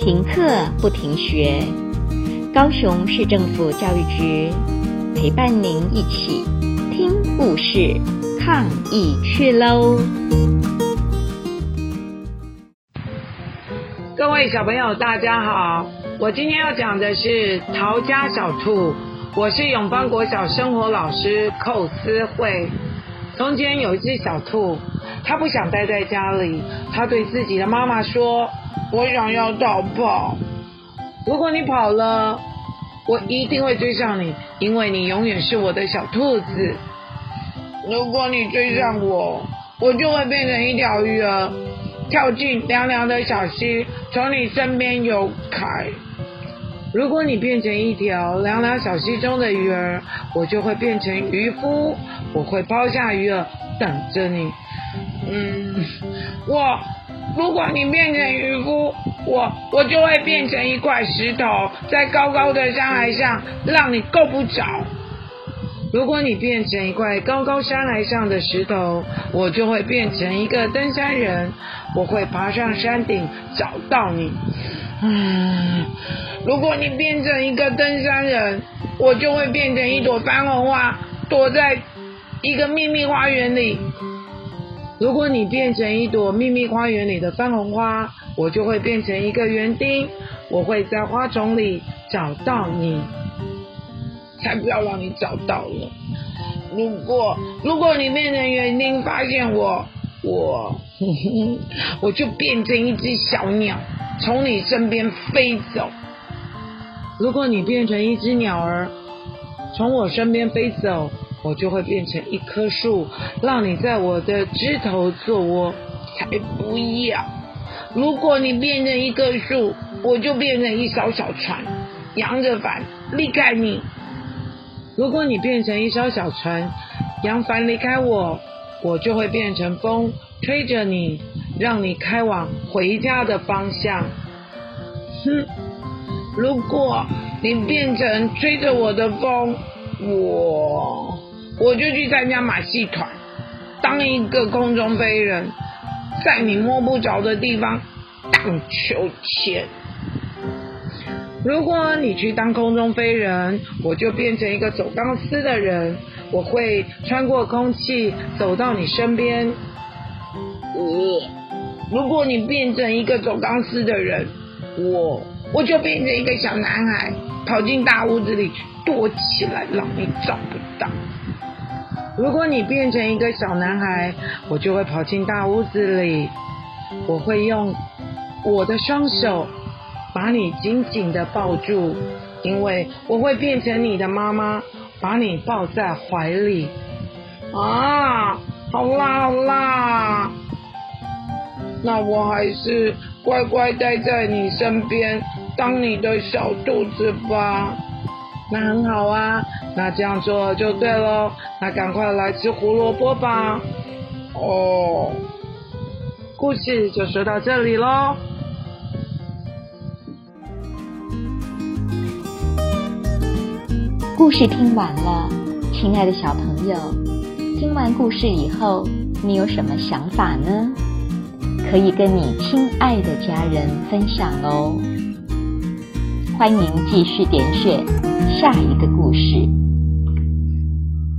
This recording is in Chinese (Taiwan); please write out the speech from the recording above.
停課不停學，高雄市政府教育局陪伴您一起聽故事、抗疫趣嘍！各位小朋友，大家好，我今天要講的是《逃家小兔》，我是永芳國小生活老師寇思慧。從前有一隻小兔，它不想待在家裡，它對自己的媽媽說。我想要逃跑。如果你跑了，我一定會追上你，因為你永遠是我的小兔子。如果你追上我，我就會變成一條魚兒，跳進涼涼的小溪，從你身邊游開。如果你變成一條涼涼小溪中的魚兒，我就會變成漁夫，我會拋下魚兒等着你。嗯，我如果你變成漁夫，我我就會變成一塊石頭，在高高的山崖上，讓你夠不着。如果你變成一塊高高山崖上的石頭，我就會變成一個登山人，我會爬上山頂找到你。嗯，如果你變成一個登山人，我就會變成一朵番紅花，躲在一個秘密花園裡。如果你變成一朵秘密花園裡的番紅花，我就會變成一個園丁，我會在花叢裡找到你。才不要讓你找到了！如果如果你變成園丁發現我，我 我就變成一隻小鳥，從你身邊飛走。如果你變成一隻鳥兒，從我身邊飛走，我就會變成一棵樹，讓你在我的枝頭做窩。才不要！如果你變成一棵樹，我就變成一艘小船，揚着帆離開你。如果你變成一艘小船，揚帆離開我，我就會變成風，吹着你，讓你開往回家的方向。哼！如果你變成吹着我的風，我。我就去參加馬戲團，當一個空中飛人，在你摸不着的地方盪秋千。如果你去當空中飛人，我就變成一個走鋼絲的人，我會穿過空氣走到你身邊。我、呃、如果你變成一個走鋼絲的人，我我就變成一個小男孩，跑進大屋子裡躲起來，讓你找不到。如果你變成一個小男孩，我就會跑進大屋子裡，我會用我的雙手把你緊緊的抱住，因為我會變成你的媽媽，把你抱在懷裡。啊，好啦好啦！那我還是乖乖待在你身邊，當你的小兔子吧。那很好啊，那這樣做就對嘍。那趕快來吃胡蘿蔔吧！哦，故事就說到這裡嘍。故事聽完了，親愛的小朋友，聽完故事以後，你有什麼想法呢？可以跟你親愛的家人分享哦。歡迎繼續點選下一個故事。